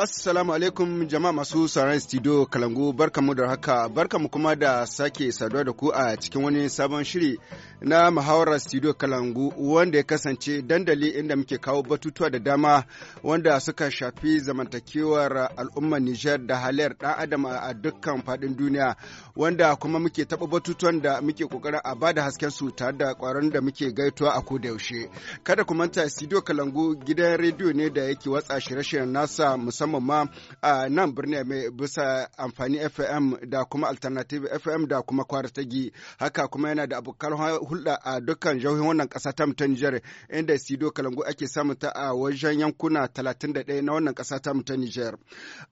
Assalamu alaikum jama'a masu sauran studio Kalangu barkamu da haka barkamu kuma da sake saduwa da ku a cikin wani sabon shiri na muhawarar studio Kalangu wanda ya kasance dandali inda muke kawo batutuwa da dama wanda suka shafi zamantakewar al'ummar Nijar da halayyar dan adam a dukkan faɗin duniya wanda kuma muke taɓa batutuwan da muke ƙoƙarin a bada hasken su tare da ƙwaron da muke gaituwa a da yaushe. Kada ku manta studio Kalangu gidan rediyo ne da yake watsa shirye-shiryen nasa musamman musamman ma a nan birni mai bisa amfani FM da kuma Alternative FM da kuma Kwartagi. Haka kuma yana da abokan hulɗa a dukkan jihohin wannan ƙasa ta mutan Nijar inda Sido Kalangu ake samun ta a wajen yankuna 31 na wannan ƙasa ta mutan Nijar.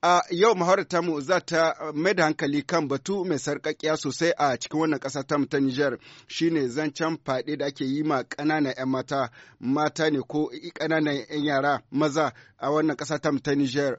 A yau muhawar mu za ta mai da hankali kan batu mai sarƙaƙiya sosai a cikin wannan ƙasa ta mutan Nijar shine zancen faɗi da ake yi ma ƙananan 'yan mata mata ne ko ƙananan 'yan yara maza a wannan ƙasa ta ta Nijar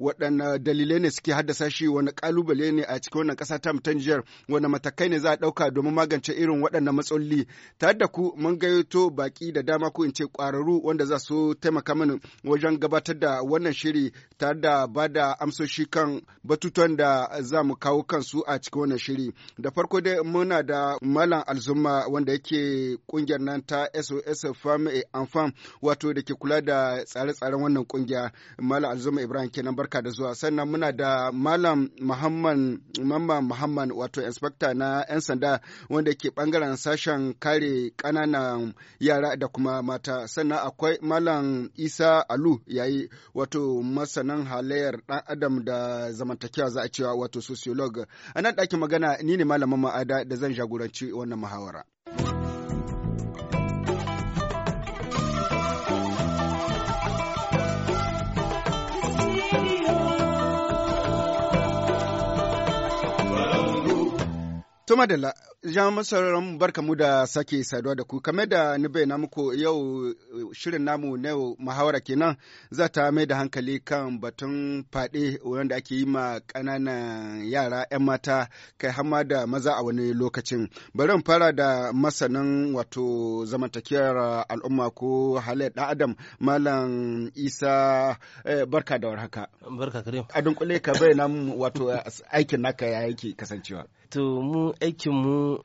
waɗanne dalilai ne suke haddasa shi wani kalubale ne a cikin wannan ƙasa ta mutan jihar wani matakai ne za a ɗauka domin magance irin waɗannan matsaloli tare da ku mun gayyato baƙi da dama ko in ce ƙwararru wanda za su taimaka mana wajen gabatar da wannan shiri tare da ba da amsoshi kan batutuwan da za mu kawo kansu a cikin wannan shiri da farko dai muna da malam alzumma wanda yake kungiyar nan ta sos farm wato da ke kula da tsare-tsaren wannan kungiya malam alzumma ibrahim kenan barka da zuwa sannan muna da malam muhammad mamman muhammad wato inspekta na 'yan sanda wanda ke bangaren sashen kare kananan yara da kuma mata sannan akwai malam isa alu yayi wato masanan halayyar dan adam da zamantakewa za a cewa wato sociolog a nan ɗakin magana ni ne malamin ma'ada da zan jagoranci wannan muhawara. Tuma da jami'an barka mu da sake saduwa da ku, kamar da ni bayyana muku yau eh, shirin namu na yau muhawara kenan za ta mai da hankali kan batun fade wanda ake yi ma ƙananan yara 'yan mata kai hama da maza a wani lokacin. Bari in fara da masanin wato zamantakewar al'umma ko halayyar ɗan adam Malam Isa eh, barka da warhaka. Barka kare. A dunkule ka bayyana wato eh, aikin naka ya yake kasancewa. To mu aikinmu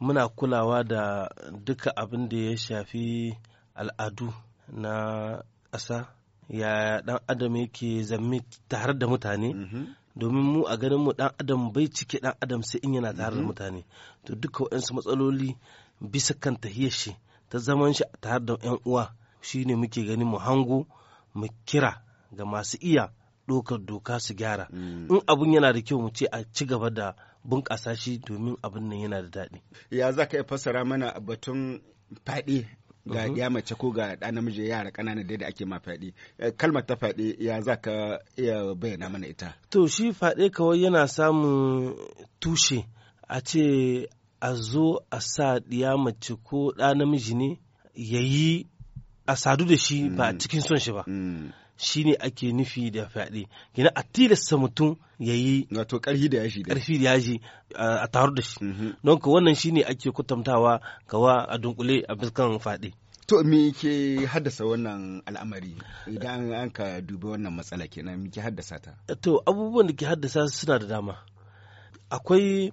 muna kulawa da duka abin da ya shafi al'adu na ƙasa ya ɗan adam yake zamme tare da mutane mm-hmm. domin mu a ganin mu ɗan adam bai cike ɗan adam sai in yana tare da mm-hmm. mutane to duka waɗansu matsaloli bisa kan tahiyar shi ta zaman shi tare da yan uwa shine muke gani mu hango mu kira ga masu iya ɗaukar doka su gyara mm. in abun yana da kyau mu ce a ci gaba da bunƙasa shi domin abin nan yana da daɗi ya za ka fassara mana batun faɗi ga mhm. ya mace ko ga ɗa namiji yara ƙanana da ake ma faɗi eh, kalmar ta faɗi ya za ka iya bayyana mana ita to shi faɗe kawai yana samun tushe a ce a zo a sa ɗiya mace ko ɗa namiji ne ya yi a sadu da shi ba mm. cikin son shi ba mm. Shi ne ake nufi da fyaɗe kina a tilasta mutum ya yi wato ƙarfi da yaji ƙarfi da yaji a taru da shi mhm. don ka wannan ne ake kwatantawa kawa a dunkule a fuskan fyaɗe to me ke haddasa wannan al'amari idan an ka dubi wannan matsala kenan me ke haddasa ta to abubuwan da ke haddasa suna da dama akwai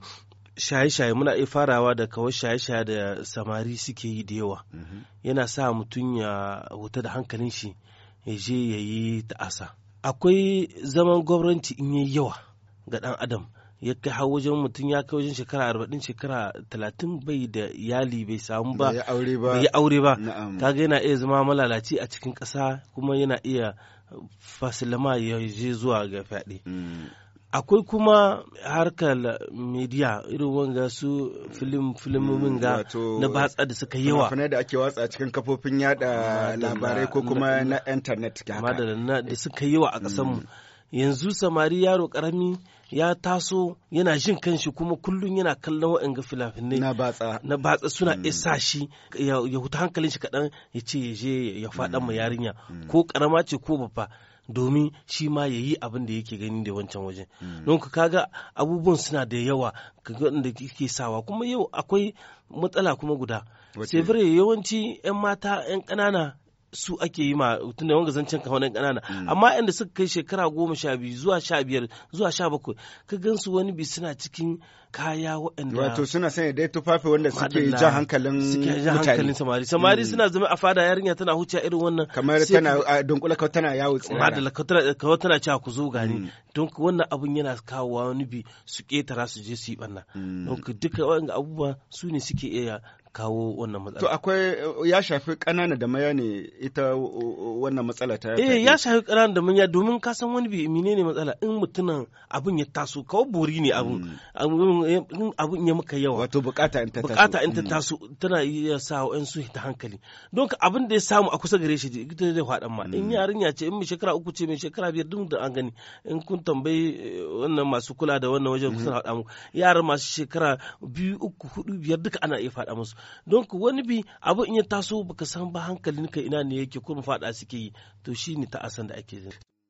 shaye-shaye muna iya farawa da kawai shaye-shaye da samari suke yi da yawa mhm. yana sa mutum ya huta da hankalin shi ya je ya yi ta'asa akwai zaman gwamnati in yi yawa ga ɗan adam ya kai har wajen mutum ya kai wajen shekara arba'in shekara talatin bai da iyali bai samu ba bai yi aure ba kaga yana iya zama malalaci a cikin ƙasa kuma yana iya fasilama ya je zuwa ga fyaɗe mm. akwai kuma harkar media irin wanga su filim filmomin ga na batsa da suka yawa fina da ake watsa cikin kafofin yada labarai ko kuma na internet madalla da suka yawa a ƙasar mu mm. yanzu samari yaro karami ya taso yana jin kanshi kuma kullum yana kallon waɗanga filafinai na batsa na batsa suna mm. isa shi ya huta hankalin shi kaɗan ya ce ya je ya faɗa ma mm. yarinya ko karama ce ko babba domin shi ma ya yi abin da yake gani da wancan wajen hmm. don ka kaga abubuwan suna da yawa da ke sawa kuma yau akwai matsala kuma guda sevire yawanci 'yan mata 'yan ƙanana su ake yi ma da wanga zancen ka wani kanana mm. amma inda suka kai shekara goma sha biyu zuwa sha biyar zuwa sha bakwai ka gansu wani bi suna cikin kaya waɗanda wato suna sanya dai tufafi wanda suke jan hankalin mutane samari samari mm. suna zama a fada yarinya tana huce irin wannan kamar tana dunkula ka tana yawo tsira da ka tana cewa ku zo gani mm. don wannan abun yana kawo wani bi su ketara su je su yi banna don duka waɗanda abubuwa su ne suke iya kawo wannan matsala. To akwai ya shafi ƙanana da maya ne ita uh, uh, wannan matsala ta Eh ya shafi ƙanana da maya domin ka san wani bai ne matsala in mutumin abin ya taso kawo bori ne abin hmm. eh, abin ya maka yawa. Wato bukata in ta taso. Bukata in ta hmm. taso tana iya sa wa'en su ta hankali. Don abin da ya samu a kusa gare shi ita zai faɗan ma. In hmm. yarinya ce in mai shekara uku ce mai shekara biyar duk da an gani in kun tambayi eh, wannan masu kula da wannan wajen kusa faɗa muku yaran masu shekara biyu uku hudu biyar duka ana iya faɗa musu don wani bi abu in ya taso baka san ba hankalin ka ina ne yake kuma fada suke yi to ne ta asan da ake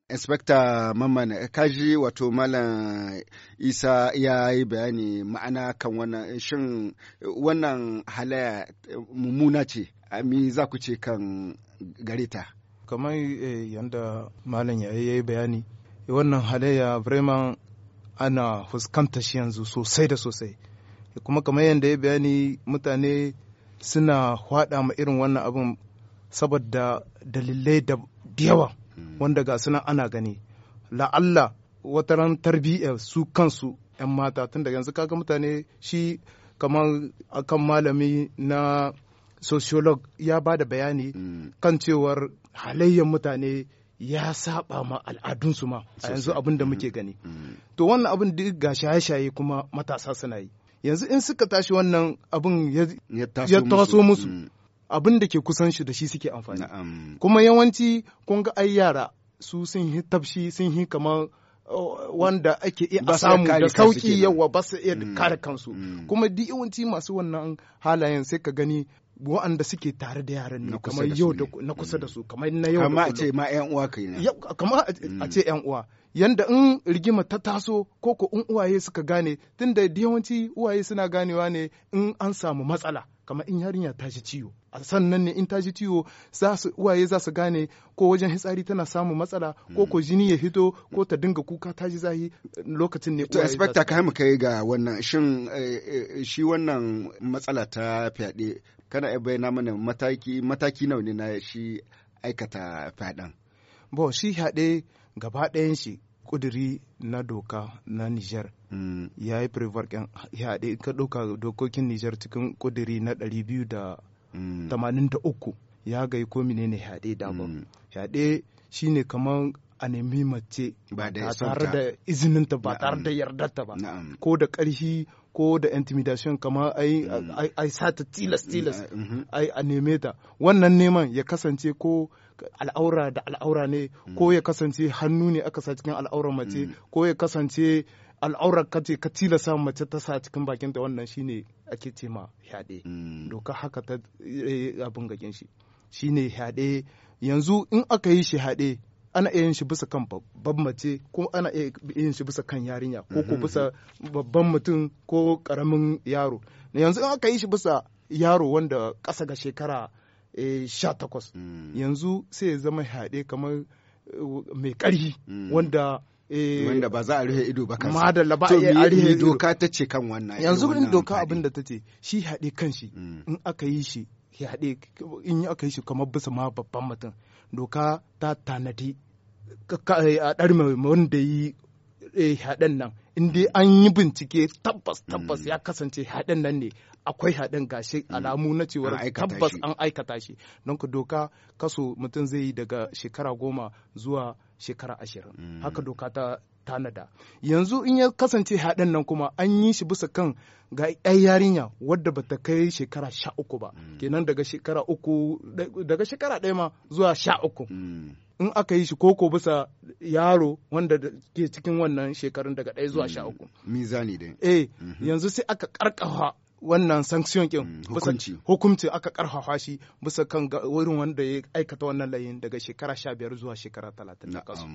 inspector mamman kaji wato malam isa ya yi bayani ma'ana kan wannan shin wannan halaya mummuna ce mi za ku ce kan gareta kamar eh, yadda malam ya yi bayani wannan halayya bremen ana fuskanta shi yanzu sosai da sosai kuma kamar yadda ya bayani mutane suna hwada ma irin wannan abin saboda dalilai da yawa hmm. wanda ga suna ana gani la'alla wataran tarbiyyar su kansu 'yan mata tun da yanzu kaga mutane shi kamar akan malami na sociolog ya ba da bayani hmm. kan cewar halayyar mutane ya saba ma al'adunsu ma a yanzu abin da hmm. muke gani to wannan abin duk ga shaye-shaye kuma matasa suna yi yanzu in suka tashi wannan abin ya taso musu mm. abin da ke kusan shi da shi suke amfani kuma yawanci kun ga ai yara su sun yi tafshi sun yi kamar uh, wanda ake iya samu da sauki yawa ba su iya mm. kare kansu mm. kuma duk yawanci masu wannan halayen sai ka gani waɗanda suke tare da yaran ne kamar yau na kusa da mm. su kamar na yau kamar a ce ma yan uwa kai na kamar mm. a ce yan uwa yanda in rigima ta taso ko ko in uwaye suka gane tunda yawanci uwaye suna ganewa ne in an samu matsala kamar in yarinya ta ji ciwo a sannan ne in ta ji ciwo uwaye za su gane ko wajen hitsari tana samun matsala ko mm. ko jini ya hito ko ta dinga kuka ta ji zahi lokacin ne to inspector ka mu kai ga wannan shin eh, eh, shi wannan matsala ta fyaɗe kana iya bayyana mana mataki mataki nawa ne na shi aikata fadan Bo shi haɗe gaba ɗayan shi kuduri na doka na niger. Mm. ya yi prevar haɗe ka ɗauka dokokin niger cikin kuduri na ɗari biyu da. Mm. tamanin 283 ya gai ko ne haɗe ba Haɗe mm. shi ne kamar a nemi mace ba tare da izininta ba tare da yardarta ba ko da ƙarfi ko da intimidation kamar ai mm. sata tilas mm, tilas mm, mm-hmm. ai a neme ta wannan neman ya kasance ko al'aura da al'aura ne ko ya kasance hannu ne aka sa cikin al'aurar mace ko ya kasance al'aurar ka ce ka tilasa mace ta sa cikin bakinta wannan shine ake ce ma yaɗe doka haka ta eh, abin gakin shi shine yaɗe yanzu in aka yi shi haɗe ana iya yin shi bisa kan babban mace ko ana iya yin shi bisa kan yarinya ko ko mm-hmm. bisa babban mutum ko karamin yaro yanzu in aka yi shi bisa yaro wanda ƙasa ga shekara eh, sha takwas mm. yanzu sai ya zama haɗe kamar eh, mai ƙarhi mm. wanda eh, wanda ba za a rufe ido ba kansa to ba a rufe ido doka ta ce kan wannan yanzu in doka abin da ta ce shi haɗe kan shi mm. in aka yi shi haɗe in aka yi shi kamar bisa ma babban mutum doka ta tanadi Eh, a ɗarme wanda yi eh, haɗen nan in an yi bincike tabbas tabbas mm. ya kasance haɗen nan ne akwai haɗin gashi mm. alamu na cewar tabbas an aikata shi don ka doka kaso mutum zai yi daga shekara goma zuwa shekara ashirin mm. haka doka ta tanada yanzu in ya kasance haɗin nan kuma an yi shi bisa kan ga ɗan yarinya wadda ba ta kai shekara sha uku ba mm. kenan daga shekara uku daga shekara ɗaya ma zuwa sha uku mm. in aka yi shi koko bisa yaro wanda ke cikin wannan shekarun daga ɗaya zuwa sha mm. uku mizani dai eh mm-hmm. yanzu sai aka karkawa. wannan sanction kin mm, hukunci hukunci aka karfafa shi bisa kan wurin wanda ya aikata wannan layin daga shekara sha biyar zuwa shekara talatin na kasu.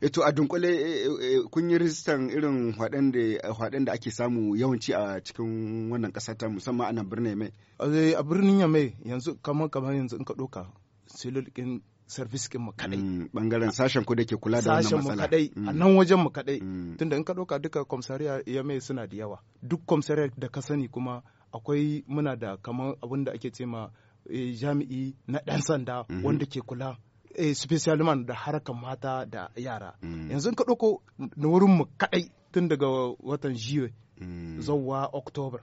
Eto eh, a dunkule eh, eh, kun yi rijistan irin hwaɗen da ake samu yawanci a cikin wannan ƙasa ta musamman a nan birnin Yamai. A birnin Yamai yanzu kamar kamar yanzu in ka ɗauka silul service kin mu kadai bangaren mm, sashen ku da ke kula da wannan matsala sashen mu kadai a mm. nan wajen mu kadai mm. tunda in ka dauka duka komisariya e ya mai suna da yawa duk komisariya da ka sani kuma akwai muna da kamar abin da ake cema e, jami'i na dan sanda mm-hmm. wanda ke kula e, man da harkar mata da yara yanzu ka doko na wurin mu kadai tun daga watan jiwe zauwa oktoba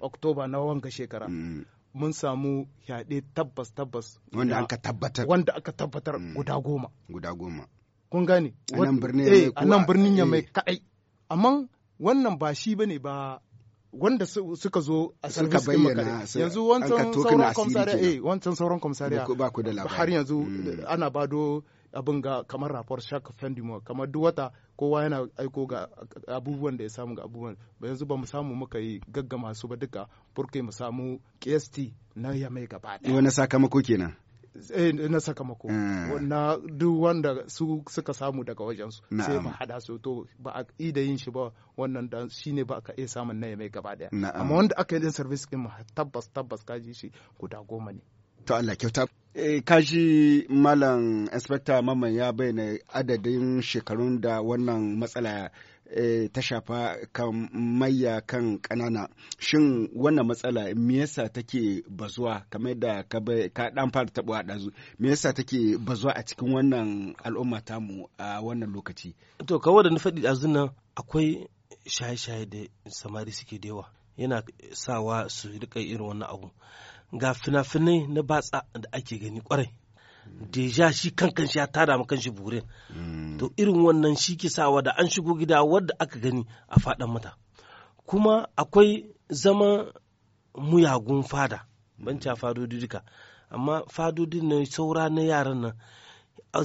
oktoba na wanga shekara mun samu yaɗe tabbas tabbas wanda aka tabbatar wanda aka tabbatar mm. guda goma guda goma kun gane a nan birnin ya eh, mai eh. kaɗai amma wannan ba shi bane ba wanda suka zo a suka bayyana yanzu wancan sauran komsariya eh wancan sauran komsariya har yanzu mm. eh, ana bado abin ga kamar rapor shark fin du kamar duk wata kowa yana aiko ga abubuwan da ya samu ga abubuwan ba yanzu ba mu samu muka yi gaggama su ba duka burke mu samu KST na ya mai gaba ɗaya wani sakamako kenan eh, na sakamako ah. na duk wanda su suka samu daga wajensu sai ba hada su to ba a ida yin shi ba wannan dan shine ba ka iya samun na ya mai gaba daya amma wanda aka yi din service din tabbas tabbas ka ji shi guda goma ne to Allah kyauta E, eh, kashi malam inspector mamman ya bayyana adadin shekarun da wannan matsala eh, ta shafa kan maya kan kanana shin wannan matsala me yasa take bazuwa kamar da ka dan fara tabo a dazu me yasa take bazuwa a cikin wannan al'umma tamu a wannan lokaci to kawai da na faɗi dazun nan akwai shaye-shaye da samari suke da yawa yana sawa su rika irin wannan abu ga fina-finai na batsa da ake gani kwarai deja shi kankan shi ya tada ma kanshi burin mm. to irin wannan shi ke sawa da an shigo gida wadda aka gani a faɗan mata kuma akwai zama muyagun fada mm. ban ca fadodi duka amma fadodi na saura na yaran nan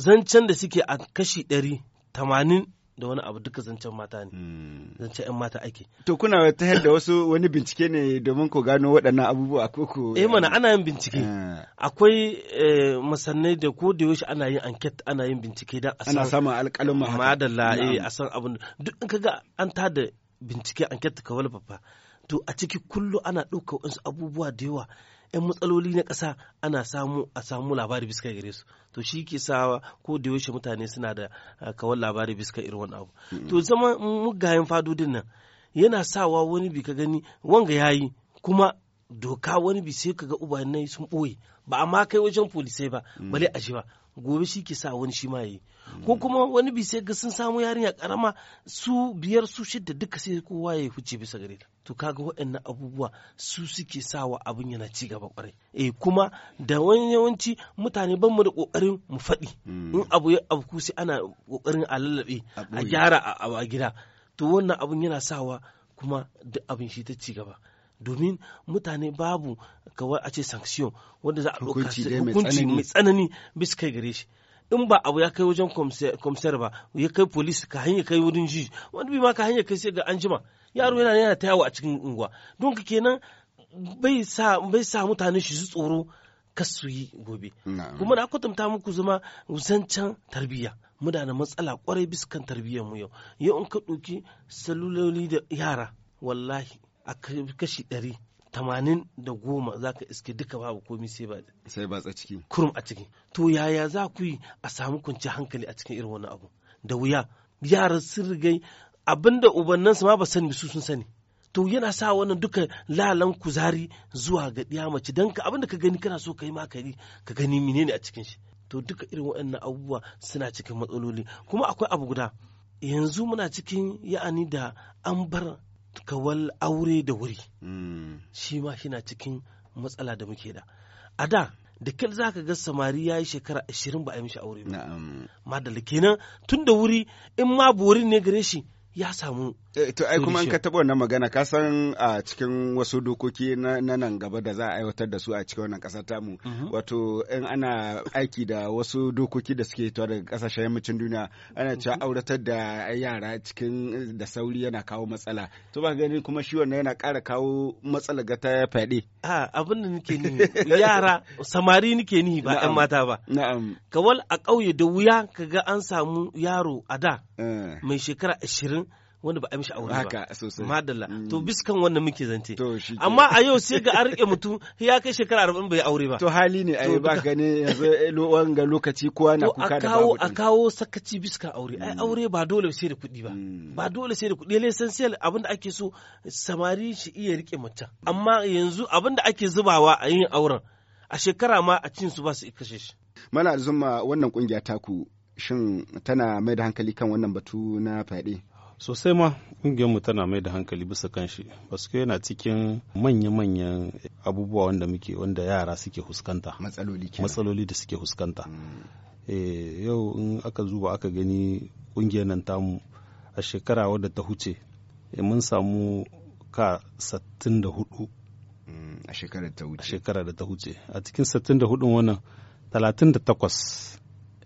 zancen da suke a kashi ɗari tamanin da wani abu duka zancen mata ne hmm. zancen yan mata ake to kuna ta yadda wasu wani bincike ne domin ku gano waɗannan abubuwa ko ku eh mana ana yin bincike eh. akwai eh, masannai da ko da yaushe ana yin enquete ana yin bincike da ana samun alƙalin madalla eh a san abin duk in kaga an da bincike enquete ka wala walfafa to a ciki kullu ana ɗauka wasu abubuwa da yawa 'yan matsaloli na ƙasa ana samu a samu labari bisa gare su to shi ke sawa ko da yaushe mutane suna da ah, kawar labari bisa irin wani abu to zama mugayen fadodin nan yana sawa wani bi ka gani wanga yayi kuma doka wani bi sai ka ga nai sun ɓoye ba amma kai wajen polisai ba mm. bale a ji ba gobe shi ke sa wani shi ma yi ko kuma wani bi sai ga sun samu yarinya karama su biyar su shidda duka sai kowa ya huce bisa gare ta to kaga waɗannan abubuwa su suke sawa abin yana ci gaba kwarai eh kuma da wani yawanci mutane ban mu da kokarin mu faɗi hmm. in abu ya abku sai ana kokarin a lallabe a gyara a gida to wannan abin yana sawa kuma duk abin shi ta ci gaba domin mutane babu kawai a ce sanction wanda za a ɗauka hukunci mai tsanani bisa kai gare shi in ba abu ya kai wajen komsar ba ya kai polis ka hanya kai wurin jiji wani bi ma ka hanyar kai sai ga anjima yaro yana yana ta yawo a cikin unguwa don ka kenan bai sa mutane shi su tsoro ka su yi gobe kuma na kwatanta muku zama zancen tarbiyya muna da matsala kwarai biskan tarbiyyar mu yau yau in ka ɗauki saluloli da yara wallahi a kashi ɗari tamanin da goma za ka iske duka babu komi sai ba sai ba ciki kurum a ciki to yaya za ku yi a samu kwanci hankali a cikin irin wani abu da wuya yaran sun rigai abinda ubannansu ma ba sani su sun sani to yana sa wannan duka lalan kuzari zuwa ga ɗiya mace don ka abinda ka gani kana so ka yi makari. ka gani menene a cikin shi to duka irin waɗannan abubuwa suna cikin matsaloli kuma akwai abu guda yanzu muna cikin ya'ani da an bar kawal aure da wuri hmm. shi ma shi na cikin matsala da muke da a da da kyal za ka ga samari ya yi shekara ashirin ba a yi mishi aure ba madalla kenan tun da wuri in ma borin ne gare shi ya samu Eh, to ai kuma an ka taɓa wannan magana ka san a cikin wasu dokoki na nan gaba da za a aiwatar da su a cikin wannan ƙasar tamu mhm. wato in ana aiki da wasu dokoki da suke fitowa daga ƙasashen yammacin duniya ana cewa mhm. auratar da yara cikin da sauri yana kawo matsala to ba gani kuma shi wannan yana ƙara kawo matsala ga ta fyaɗe. a abin da nake ni yara samari nake ni ba ɗan mata ba. na'am kawal a ƙauye da wuya kaga an samu yaro a da eh. mai shekara ashirin wanda ba a mishi aure ba haka sosai madalla mm. to biskan wannan muke zance amma a yau sai ga an rike mutum ya kai shekara 40 bai aure ba to hali ne ai ba gane yanzu eh, wanga lokaci kowa na kuka da babu a kawo sakaci biskan aure ai mm. aure ba dole sai da kuɗi ba mm. ba dole sai da kuɗi ne essential abinda da ake so samari shi iya rike mutum amma yanzu abinda ake zubawa a yin auren a shekara ma a cin su ba su kashe shi mana zuma wannan kungiya taku shin tana mai da hankali kan wannan batu na fyaɗe sosai ma ƙungiyarmu tana mai da hankali bisa kan shi basu yana cikin manya-manyan abubuwa wanda muke wanda yara suke huskanta matsaloli da suke huskanta mm. eh, yau in aka zuba aka gani ƙungiyar nan tamu a shekara wadda ta huce eh, mun samu ka 64 mm, a shekarar da ta huce a cikin 64 wannan 38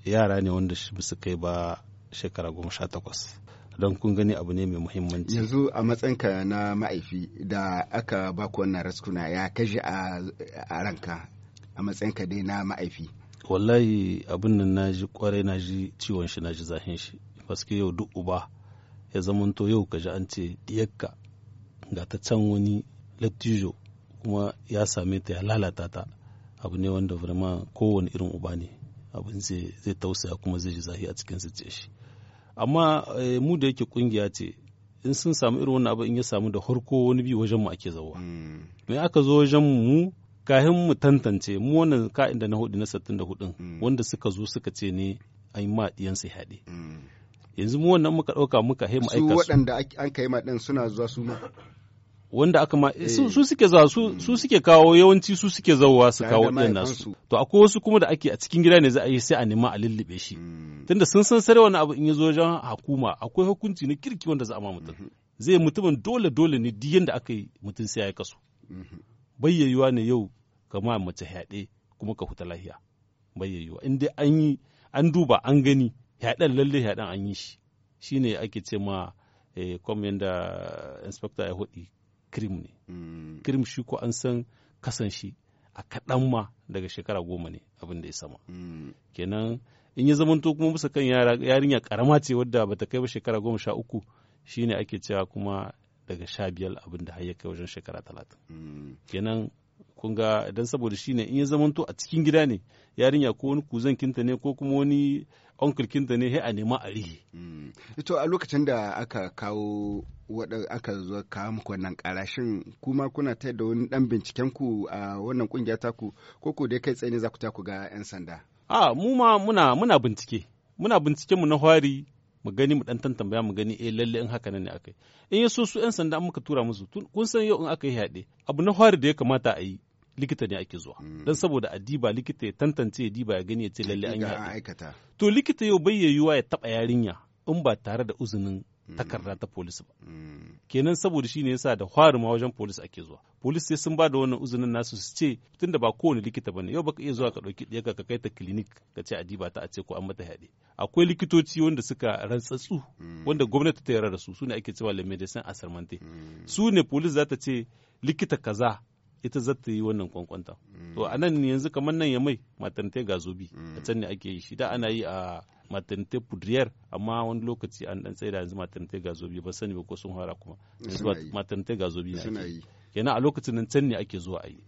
yara ne wanda su kai ba shekara goma sha takwas don kun gani abu ne mai muhimmanci yanzu a matsayinka na ma'aifi da aka baku wannan raskuna ya kashe a ranka a ka dai na ma'aifi wallahi abin nan na ji kwarai na ji ciwon shi na ji zahin shi paske yau duk uba ya zamanto yau ka ji an ce diyakka ga ta can wani lattijo kuma ya same ta ya lalata ta abu ne wanda vraiment kowane irin uba ne abin zai tausaya kuma zai ji zahi a cikin zuciyar shi amma eh, mu da yake kungiya ce in sun samu irin wannan abu in ya samu da harko wani bi wajen mu ake zauwa hmm. me aka zo wajen mu kahin mu tantance mu wannan ka'in da na hudu na da hudun hmm. wanda suka zo suka ce ne an yi ma sai haɗe hmm. yanzu mu wannan muka ɗauka muka hema aika su waɗanda an kai ma ɗin suna zuwa su ma wanda aka ma su eh. suke za su suke kawo yawanci su suke zawowa su kawo ɗin nasu to akwai wasu kuma da ake a cikin gida ne za a yi sai a nema a lullube shi hmm. tunda sun san sare wani abu in ya zo wajen hukuma akwai hukunci na kirki wanda za a ma mutum mhm. zai mutumin dole dole ne duk yanda aka yi mutum sai ya kasu mhm. bayyayuwa ne yau kama mace haɗe kuma ka huta lahiya bayyayuwa in dai an yi an duba an gani yaɗen lalle yaɗen an yi shi shine ake ce ma eh, yanda inspector ya hudi kirim ne kirim mm. shi ko an san kasan shi a kaɗan ma daga shekara goma ne abin da ya sama mm. kenan in ya zamanto kuma musa kan yarinya karama ce wadda bata kai ba shekara goma sha uku shine ake cewa kuma daga sha biyar abin da har ya kai wajen shekara talatin mm. kenan kun ga dan saboda shine in ya zamanto a cikin gida ne yarinya ko wani kuzan kinta ne ko kuma wani onkul kinta ne sai a nema a rihe. Mm. to a lokacin da aka kawo wada aka zo kawo muku wannan kara shin kuma kuna ta da wani dan binciken ku a wannan kungiya ku ko ku dai kai tsaye ne za ku ta ku ga yan sanda. a ah, mu ma muna muna bincike muna binciken mu na hwari mu gani mu dan tambaya mu gani eh lalle in haka nan ne akai in yaso su yan sanda muka tura musu kun san yau in aka yi haɗe abu na fari da ya kamata a yi likita ne ake zuwa hmm. dan saboda a diba likita ya tantance ya diba ya gani ya ce lalle an yi haɗe to likita yau bai yiwuwa ya taba yarinya in ba tare da uzunin. Mm. takarda ta polis ba mm. kenan saboda shi ne yasa da hwari ma wajen polis ake zuwa polis sai sun ba da wannan uzunin nasu su ce tun da ba kowane likita ne yau baka iya zuwa ka ɗauki ɗiyarka ka kai ta clinic ka ce a diba ta a ce ko an mata haɗe akwai likitoci wanda suka rantsatsu mm. wanda gwamnati ta yarda da su su ne ake cewa le medecin asarmante su ne polis za ta ce likita kaza ita za ta yi wannan kwankwanta mm. to a nan yanzu kamar nan ya mai matante ga zobi a mm. can ne ake yi shi da ana yi a matante pudriyar amma wani lokaci an dan tsaye da yanzu matante ga zobi ba sani ba ko sun hara kuma matante ga zobi ne ake kenan a lokacin nan can ne ake zuwa a yi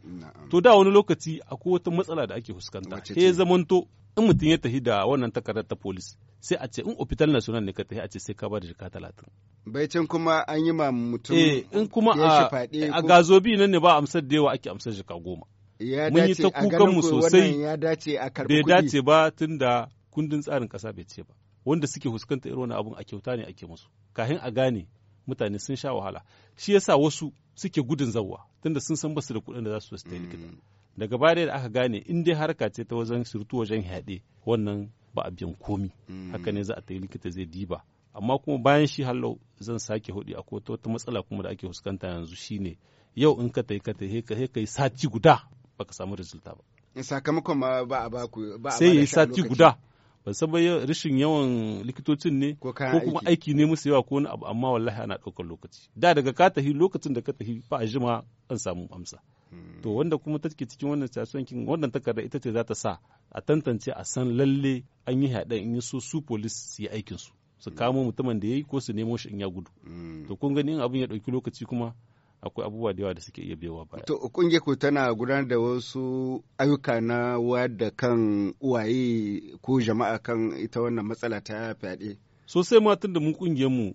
to da wani lokaci akwai wata matsala da ake fuskanta Ke zamanto in mutum ya tafi da wannan takardar ta polis sai a ce in hospital national ne ka tafi a ce sai ka ba da jika talatin. Baicin kuma an yi ma mutum ya eh, in kuma a, a gazobi nan ne ba amsar da yawa ake amsar jika goma. Mun yi ta kukan mu sosai a Bai dace ba tunda kundin tsarin kasa bai ce ba. Wanda suke fuskanta irin wani abun a kyauta ne ake musu. Kahin a gane mutane sun sha wahala. Shi yasa wasu suke gudun zawwa tunda sun san basu da kuɗin da za su su likita. Mm. Daga baya da aka gane in dai harka ce ta wajen surutu wajen yaɗe wannan ba a biyan komi mm. haka ne za a ta likita zai diba amma kuma bayan shi hallo zan sake hudi a kota wata matsala kuma da ake fuskanta yanzu shine yau in ka tai ka heka ka kai sati guda baka samu resulta ba sakamakon ma ba a baku ba sai yi sati guda ba san rashin yawan likitocin ne ko kuma aiki ne musu yawa ko wani abu amma wallahi ana ɗaukar lokaci da daga ka tafi lokacin da ka tafi ba a jima an samu amsa to hmm. wanda kuma take cikin wannan casuwancin wannan takarda ita ce za ta sa a tantance a san lalle an yi haɗa in yi so su polis su yi aikinsu su hmm. kamo mutumin da ya yi ko su nemo shi in ya gudu hmm. to kun gani in abin ya ɗauki lokaci kuma akwai abubuwa da yawa da suke iya biyowa ba To kunge ku tana gudanar da wasu ayyuka na wayar da kan uwaye ko jama'a kan ita wannan matsala ta fyaɗe. Sosai ma tun da mu kungiyar mu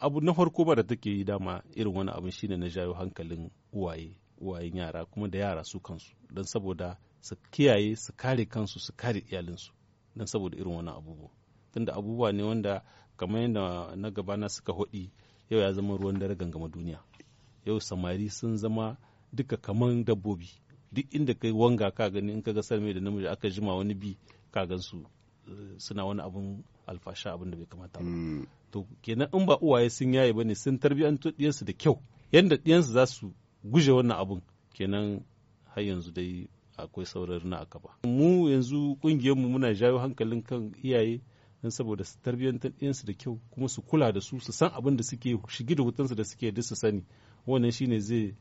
abu na farko ba da take yi dama irin wani abu shine na jayo hankalin uwaye uwayen yara kuma da yara su kansu don saboda su kiyaye su kare kansu su kare iyalinsu don saboda irin wani abubuwa tunda abubuwa ne wanda kamar yadda na gabana suka hodi yau ya zama ruwan dare gangama duniya yau samari sun zama duka kaman dabbobi duk inda kai wanga ka gani in ka ga da namiji aka jima wani bi ka su eh, suna wani abun alfasha abin da bai kamata ba hmm. to kenan in ba uwaye sun yaye bane sun tarbiyyantu diyansu da kyau yanda diyansu za su guje wannan abun kenan har yanzu dai akwai saurar na aka ba mu yanzu mu muna jawo hankalin kan iyaye don saboda su tarbiyyantar ɗiyansu da kyau kuma su kula da su su san abin da suke shigi da hutunsu da suke duk su sani wannan shi ne zai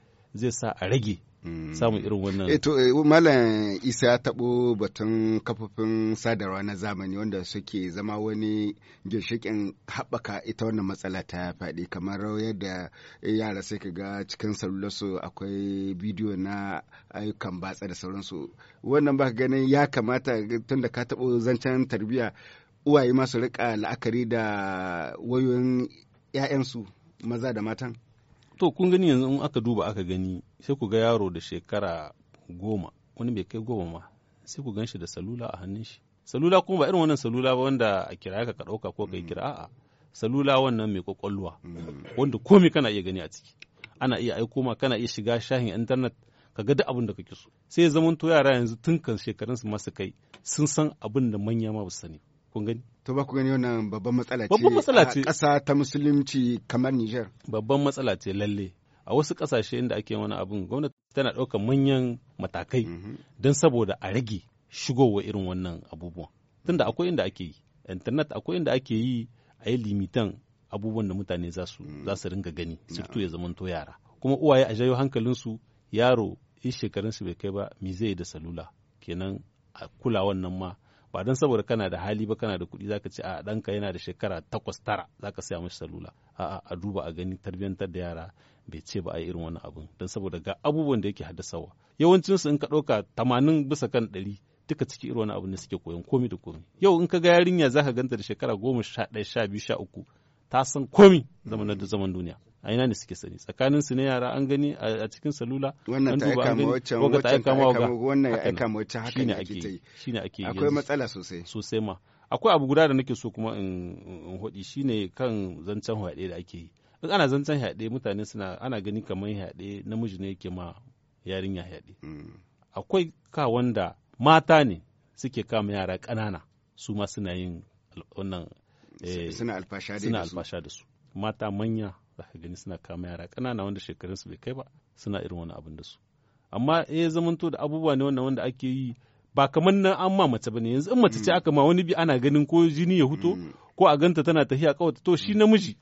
sa a rage mm. samun irin wannan. Eto eh, eh, Malam Isa ya taɓo batun kafofin sadarwa na zamani wanda suke zama wani ginshiƙin haɓaka ita wannan matsala ta faɗi kamar yadda eh, yara sai ka ga cikin salularsu akwai bidiyo na ayyukan batsa da sauransu. Wannan ba ganin ya kamata tun da ka taɓo zancen tarbiyya uwaye masu riƙa la'akari da wayoyin 'ya'yansu maza da matan. to kun gani yanzu in aka duba aka gani sai ku ga yaro da shekara goma wani bai kai goma ma sai ku ganshi da salula a hannun shi salula kuma ba irin wannan salula ba wanda a kira ka ɗauka ko kai kira a'a salula wannan mai kwakwalwa wanda komai kana iya gani a ciki ana iya aiko ma kana iya shiga shahin internet ka ga duk abin da kake so sai ya zamanto yara yanzu tun kan shekarunsu masu kai sun san abin da manya ma ba su sani kun gani To ba ku gani wannan babban matsala ce. Babban matsala ce. Ƙasa ta musulunci kamar Nijar. Babban matsala ce lalle. A wasu ƙasashe inda ake wani abun gwamnati tana ɗaukar manyan matakai mhm. don saboda a rage shigowa irin wannan abubuwan. Tunda akwai inda ake yi, internet akwai inda ake yi a yi limitan abubuwan da mutane za su mm. ringa gani, sirtu ya zamanto yara. Kuma uwaye a jayo su yaro in shekarunsu bai kai ba me zai da salula kenan a kula wannan ma ba don saboda kana da hali ba kana da kuɗi zaka ce a ɗanka yana da shekara takwas tara zaka siya mashi salula a a duba a gani tarbiyyantar da yara bai ce ba a irin wani abun don saboda ga abubuwan da yake haddasawa yawancinsu in ka ɗauka tamanin bisa kan ɗari duka ciki irin wani abu ne suke koyon komi da komi yau in ka ga yarinya zaka ganta da shekara goma sha ɗaya sha biyu sha uku ta san komi zamanar da zaman duniya a ina ne suke sani tsakanin su ne yara an gani a cikin salula wannan ta aika ma waccan wannan ta aika ma wannan ya aika ma waccan haka ne ake shine ake yi akwai matsala sosai sosai ma akwai abu guda da nake so kuma in hodi shine kan zancen haɗe da ake yi in ana zancen haɗe mutane suna ana gani kamar haɗe namiji ne yake ma yarinya haɗe mm. akwai ka wanda mata ne suke kama yara ƙanana su ma suna yin wannan eh, suna alfasha da su mata manya za ka gani suna kama yara ƙanana wanda su bai kai ba suna irin wani abin da su amma eh zamanto da abubuwa ne wannan wanda ake yi ba kamar nan an ma mace bane yanzu in mace ce mm. aka ma wani bi ana ganin ko jini ya huto mm. ko a ganta tana tahiya kawai to shi mm. namiji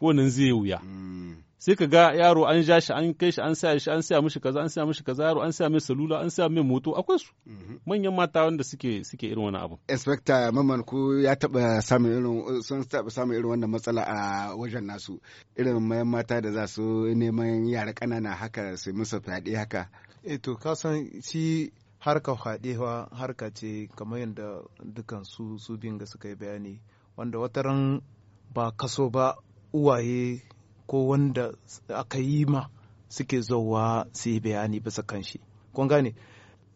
wannan zai wuya hmm. sai ka ga yaro an ja shi an kai shi an saya shi an saya mishi kaza an saya mishi kaza yaro an saya mai salula an saya mai moto akwai su mhm. manyan mata wanda suke suke irin wani abu inspector maman ku ya taba samun irin sun taba samun irin wannan matsala a wajen nasu irin mayan mata da za su neman yara ƙanana haka su musu fyaɗe haka eh to ka san shi harka faɗewa harka ce kamar yadda dukan su su binga suka yi bayani wanda wataran ba kaso ba uwaye ko wanda aka yi ma suke zowa su yi bayani bisa kan shi kun gane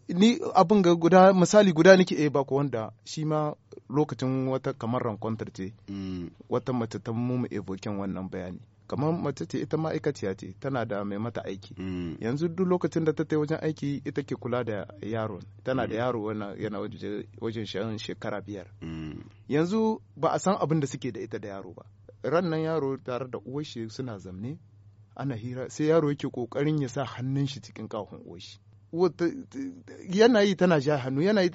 ni abin ga guda misali guda nake eh ba ko wanda shi ma lokacin wata kamar rankwantar ce mm. wata mace ta mummu evokin wannan bayani kamar mace ce ita ma'aikaciya ce tana da mai mata aiki mm. yanzu duk lokacin da ta ta wajen aiki ita ke kula da yaro tana da mm. yaro yana wajen shekara biyar yanzu ba a san abin da suke da ita da yaro ba ran nan yaro tare da uwar shi suna zamne ana hira sai yaro yake kokarin ya sa hannun shi cikin kahun uwar shi yana yi tana ja hannu yana yi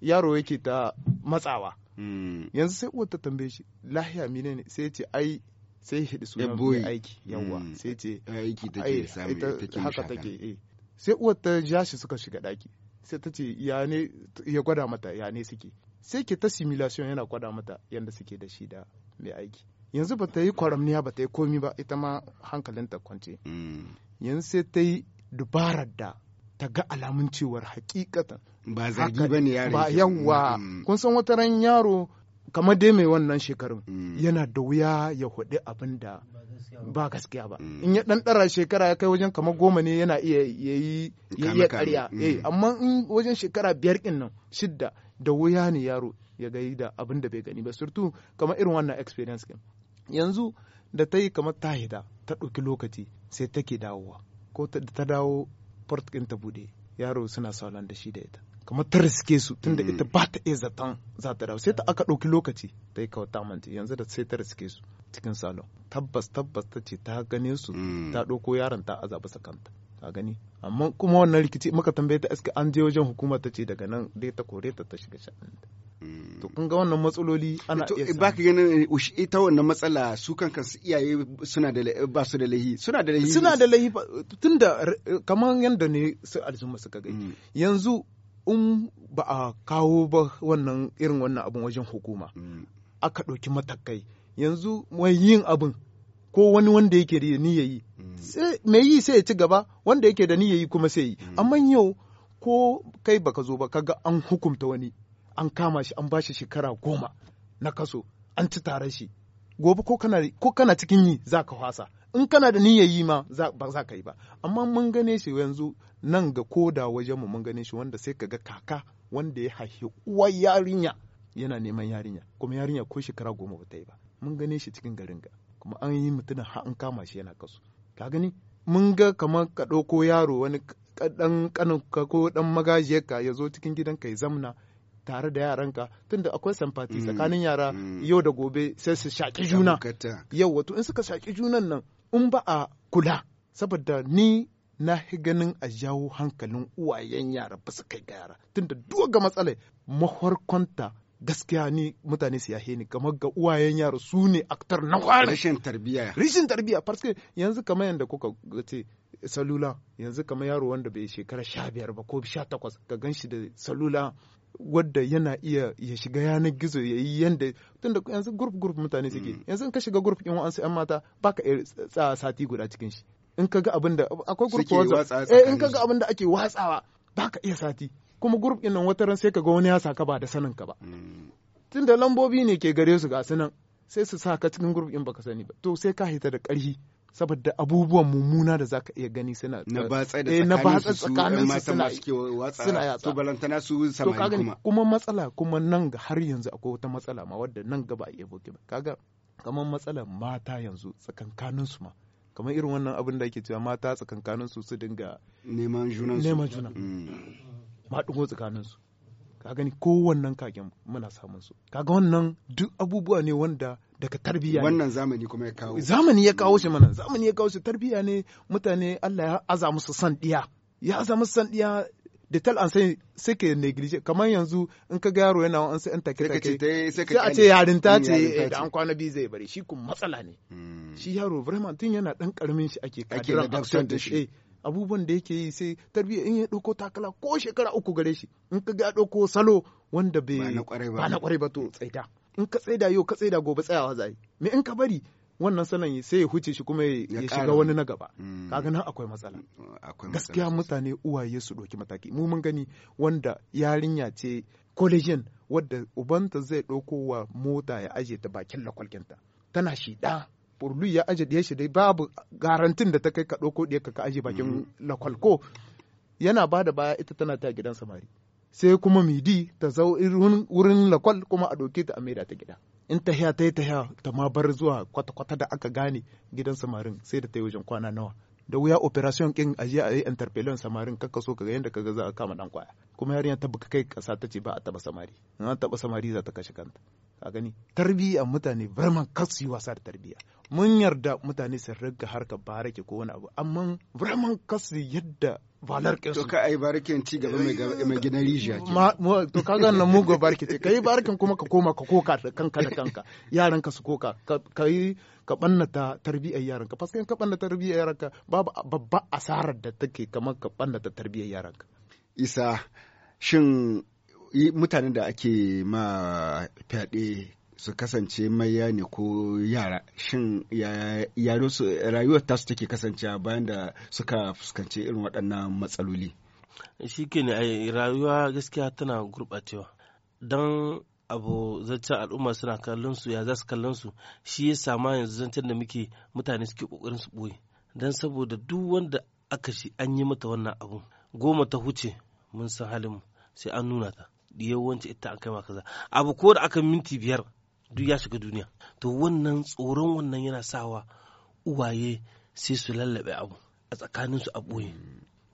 yaro yake ta matsawa hmm. yanzu sai uwar ta tambaye shi lahiya mine ne sai ce ai sai hidi sunan mai aiki yawa hmm. sai ce aiki take samu take haka take eh. sai uwar ta ja shi suka shiga daki sai ta ce ya ne ya gwada mata ya ne suke sai ke ta simulation yana gwada mata yadda suke da shi da mai aiki yanzu ba ta yi kwaramniya ba ta yi komi ba ita ma hankalinta kwance mm. yanzu sai ta yi dubarar da ta ga alamun cewar hakikatan ba zargi ba ne ba yawa mm. kun san wata ran yaro kamar dai mai wannan shekarun mm. yana da wuya ya hudu abin da ba gaskiya ba in ya dan dara shekara ya kai wajen kamar goma ne yana iya yayi ƙarya eh, amma in wajen shekara biyar din nan shidda da wuya ne yaro ya gai da abin da bai gani ba surtu kamar irin wannan experience game yanzu da ta yi kamar ta hida ta ɗauki lokaci sai take dawowa ko ta dawo port ɗin ta buɗe yaro suna saulan da shi da ita kamar ta riske su tunda ita mm. ba ta iya zaton za ta dawo sai ta aka ɗauki lokaci ta yi ta manta yanzu da sai ta riske su cikin salon tabbas tabbas ta ce ta gane su mm. ta ɗauko yaron ta azaba kanta ka gani amma kuma wannan rikici muka tambaye ta eske an je wajen hukuma ta ce daga nan dai ta kore ta ta shiga sha'aninta to kun ga wannan matsaloli ana iya ba ka ganin eh, ita wannan matsala su kan kansu iyaye suna da ba su da lahi suna da lahi suna da lahi tunda eh, kaman yanda ne su al'umma suka ga mm. yanzu in ba a kawo ba wannan irin wannan abun wajen hukuma mm. aka ɗauki matakai yanzu mai yin abin ko wani wanda yake da niyya yi mm. mai yi sai ya ci gaba wanda yake da niyya yi kuma sai yi amma yau ko kai baka zo ba kaga an hukumta wani an kama shi an bashi shekara goma na kaso an ci tare shi gobe ko kana cikin yi za ka hwasa in kana da niyyar yi ma ba za ka yi ba amma mun gane shi yanzu nan ga koda wajen mu mun gane shi wanda sai ka ga kaka wanda ya haihi uwar yarinya yana neman yarinya kuma yarinya ko shekara goma ba ta yi ba mun gane shi cikin garin ga kuma an yi mutumin ha an kama shi yana kaso ka gani mun ga kamar ka ɗauko yaro wani ɗan kanin ka ko ɗan ka ya zo cikin gidan ka ya zamna tare da yaranka tunda akwai samfati mm-hmm. tsakanin yara mm-hmm. yau da gobe sai su shaƙi juna yau wato in suka shaƙi junan nan in ba a kula saboda ni na ganin a jawo hankalin uwayen yara ba su kai ga yara tunda duk ga matsalai mahwarkonta gaskiya ni mutane su yahe ni kamar ga uwayen yara su ne aktar na kwari rashin tarbiya rashin tarbiyya parce yanzu kamar yanda kuka ce salula yanzu kamar yaro wanda bai shekara sha biyar ba ko sha takwas ka gan shi da salula wadda yana iya ya shiga yanar gizo ya yi yanda tunda yanzu group group mutane suke mm. yanzu in ka shiga group yan wa'ansu 'yan mata baka tsaya sati guda cikin shi in ka ga abin da akwai group wanzu eh in ka ga abin da ake watsawa baka iya sati kuma group din nan wataran sai ka ga wani ya saka ba da sanin ka ba mm. tunda lambobi ne ke gare su ga sunan sai su saka cikin group ba baka sani ba to sai ka hita da ƙarfi saboda abubuwan mummuna da zaka iya gani suna na eh, ba da eh, tsakanin su eh, suna suna yatsa to balantana su samari kuma kuma matsala kuma nan ga har yanzu akwai wata matsala ma wadda nan gaba iya boke kaga kamar matsalar mata yanzu tsakankanin su ma kamar irin wannan abin da ake cewa mata tsakankanin su su dinga neman junan neman juna mm. ma dugo tsakanin su ka gani kowannan kagen muna samun su kaga wannan duk abubuwa ne wanda daga tarbiyya wannan zamani kuma ya kawo zamani ya kawo shi mana zamani ya kawo shi tarbiyya ne mutane Allah ya aza musu san diya ya aza musu san diya da tal an sai sai ke neglige kamar yanzu in ka ga yaro yana an sai an take take sai a ce yarinta ce da eh, an kwana bi zai bari shi kun matsala ne hmm. shi yaro vraiment tun yana dan karamin shi ake kadira da shi eh, abubuwan da yake yi sai tarbiyya in ya ɗauko takala ko shekara uku gare shi in ka ga ɗauko salo wanda bai ba na kwarai ba to tsaida in ka tsaida yau ka tsaida gobe tsayawa zai me in ka bari wannan salon sai ya huce shi kuma ya shiga wani na gaba mm. kaga nan akwai matsala mm, gaskiya mutane uwaye su ɗauki mataki mu mun gani wanda yarinya ce kolejin wadda ubanta zai ɗauko wa mota ya ajiye ta bakin lakwalkinta tana shi furlu ya aje da shi dai babu garantin da ta kai ka ɗauko ɗiyar ka ka aje bakin mm. ko. yana ba da baya ita tana ta gidan samari sai kuma midi ta zau irin wurin lakwal kuma a ɗauke ta a maida ta gida in ta hya ta yi ta hya ta ma bar zuwa kwata-kwata da aka gane gidan samarin sai da ta yi wajen kwana nawa da wuya operation kin aje a yi interpellation samarin kaka so kaga yanda kaga za a kama dan kwaya kuma yarinya ta buka kai kasa ta ce ba a taba samari in an taba samari za ta kashe kanta a gani tarbiyyar mutane vraiment kar su yi wasa da tarbiyya mun yarda mutane su rigga harka barake ko wani abu amma vraiment kar su yadda valar kin to ka barakin ci gaba mai gidan rijiya to ka ga nan mugo barke ce kai barakin kuma ka koma ka koka da kanka da kanka yaran ka su koka ka yi ka bannata tarbiyyar yaranka parce ka bannata tarbiyyar yaranka babu babba asarar da take kamar ka bannata tarbiyyar yaranka isa shin mutane da ake ma fyaɗe su kasance maiya ne ko yara shin yaro su rayuwar tasu take kasance bayan da suka fuskanci irin waɗannan matsaloli shi ke ne rayuwa gaskiya tana gurɓacewa don abu zancen al'umma suna kallon su ya za su kallon su shi ya sama yanzu zancen da muke mutane suke kokarin su boye dan saboda duk wanda aka shi an yi mata wannan abu goma ta huce mun san halin sai an nuna ta yawanci ita an kai kaza abu ko da aka minti biyar duk ya shiga duniya to wannan tsoron wannan yana sawa uwaye sai su lallabe abu a tsakanin su a boye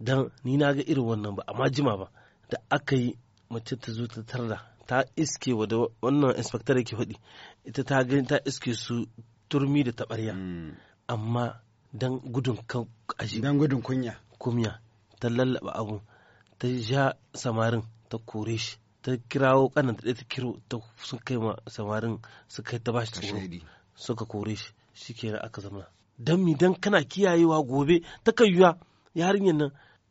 dan ni na ga irin wannan ba amma jima ba da aka yi mace ta zo ta tarda ta iske wa da wannan inspector ke faɗi ita ta gani ta iske su turmi da taɓarya hmm. amma dan gudun kan aji dan gudun kunya kumya ta lallaba abu ta ja samarin ta kore shi ta kirawo kanan ta ta kiro ta sun kai ma samarin su kai ta bashi tsoro suka kore shi shikenan aka zama dan mi dan kana kiyayewa gobe ta kayuwa yarinyar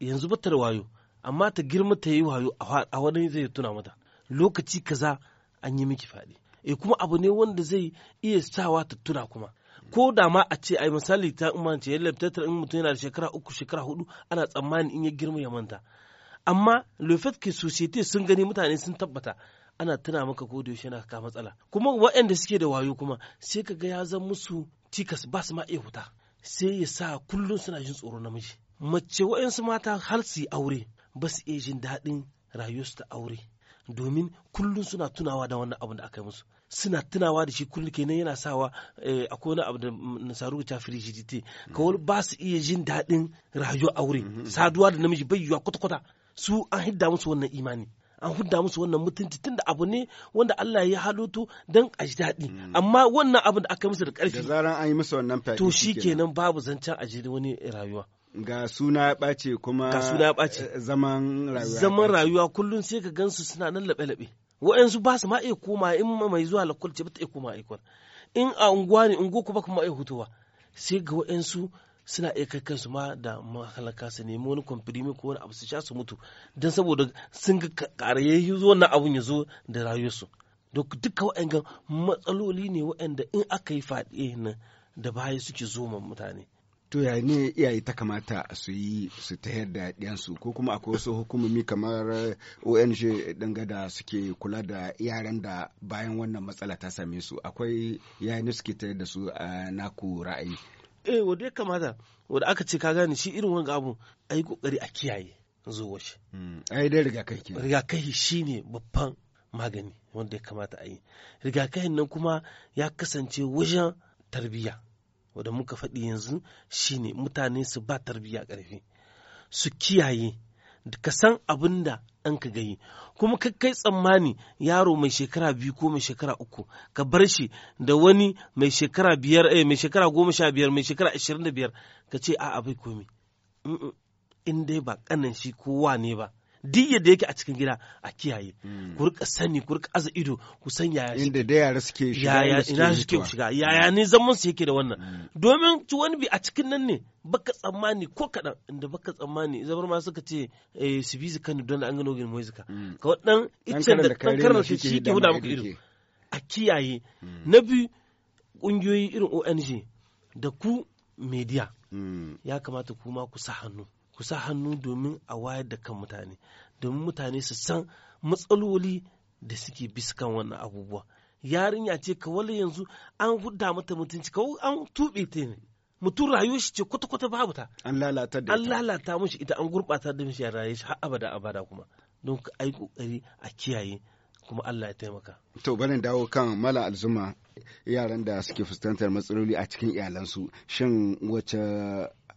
yanzu ba ta wayo amma ta girma ta yi wayo a wani zai tuna mata lokaci kaza an yi miki faɗi e eh, kuma abu ne wanda zai iya sawa ta tuna kuma ko da ma a ce ai misali ta umance ya labtatar in mutum yana da shekara uku shekara hudu ana tsammanin in ya girma ya manta amma le fait que sun gani mutane sun tabbata ana tuna maka ko da yaushe na ka matsala kuma waɗanda suke da wayo kuma sai ka ga ya zan musu cikas ba su ma iya huta sai ya sa kullum suna jin tsoro namiji mace waɗansu mata har su yi aure ba su iya jin daɗin rayuwarsu ta aure domin kullum suna tunawa da wannan abin da aka yi musu suna tunawa da shi kullum kenan yana sawa eh, a wani abu da nasaru ta firijidite kawai ba su iya jin daɗin rayuwa a aure mm-hmm. saduwa da namiji bai yiwa kwata-kwata su an hidda musu wannan imani an hudda musu wannan mutunci tunda abu ne wanda Allah ya haloto dan a ji daɗi mm. amma wannan abin da aka musu da ƙarfi da zaran an yi musu wannan to shi kenan babu zancen a wani rayuwa ga suna ya ɓace kuma ga suna ya ɓace eh, zaman rayuwa zaman rayuwa kullum sai ka gansu suna nan laɓe-laɓe wa'yansu ba su ma iya koma in mai zuwa lakwal ce ba ta iya koma aikwar in a unguwa ne unguwa kuma kuma iya hutuwa sai ga wa'yansu suna iya kai kansu ma da mahalaka su nemi wani kwamfirimi ko wani abu su sha su mutu don saboda sun ga yi zo na abun ya zo da rayuwarsu duka wa'yan matsaloli ne wa'yanda in aka yi faɗi nan da baya suke zo mutane to ya ne iyaye ta kamata su yi su ta yadda yansu ko kuma akwai wasu hukumomi kamar ong danga da suke kula da yaran da bayan wannan matsala ta same su akwai yayin ne suke ta yadda su a naku ra'ayi eh wanda ya kamata wanda aka ce ka gani shi irin wani abu a yi kokari a kiyaye zuwa hmm, dai shine babban magani wanda ya kamata a yi rigakafin nan kuma ya kasance wajen tarbiyya wadda muka faɗi yanzu shine mutane su ba tarbiyya ƙarfi su kiyaye ka san abin da ɗan ka gayi kuma ka kai tsammani yaro mai shekara biyu ko mai shekara uku ka bar shi da wani mai shekara biyar eh, mai shekara goma sha biyar mai shekara ashirin da biyar ka ce a'a bai komi in dai ba ƙanan shi kowa ne ba diyar da yake a cikin gida a kiyaye hmm. ku rika sani ku rika aza ido ku san yaya inda da yara suke shiga yaya ina suke shiga yaya ne zaman su yake da wannan hmm. domin wani bi a cikin nan ne baka tsammani ko kaɗan inda baka tsammani zabar ma suka ce eh, su bi kan don an gano gini zuka hmm. ka waɗannan iccen da karar shi shi ke huda muku ido a kiyaye na biyu ƙungiyoyi irin ong da ku media ya kamata kuma ku sa hannu ku sa hannu domin a wayar da kan mutane domin mutane su san matsaloli da suke biskan wannan abubuwa yarinya ce kawai yanzu an hudda mata mutunci kawai an tuɓe ta ne mutum rayuwar shi ce kwata-kwata babu ta an lalata da an lalata mishi ita an gurɓata da mishi ya shi har abada abada kuma don ka ai kokari a kiyaye kuma Allah ya taimaka to barin dawo kan mala alzuma yaran da suke fuskantar matsaloli a cikin iyalansu shin wace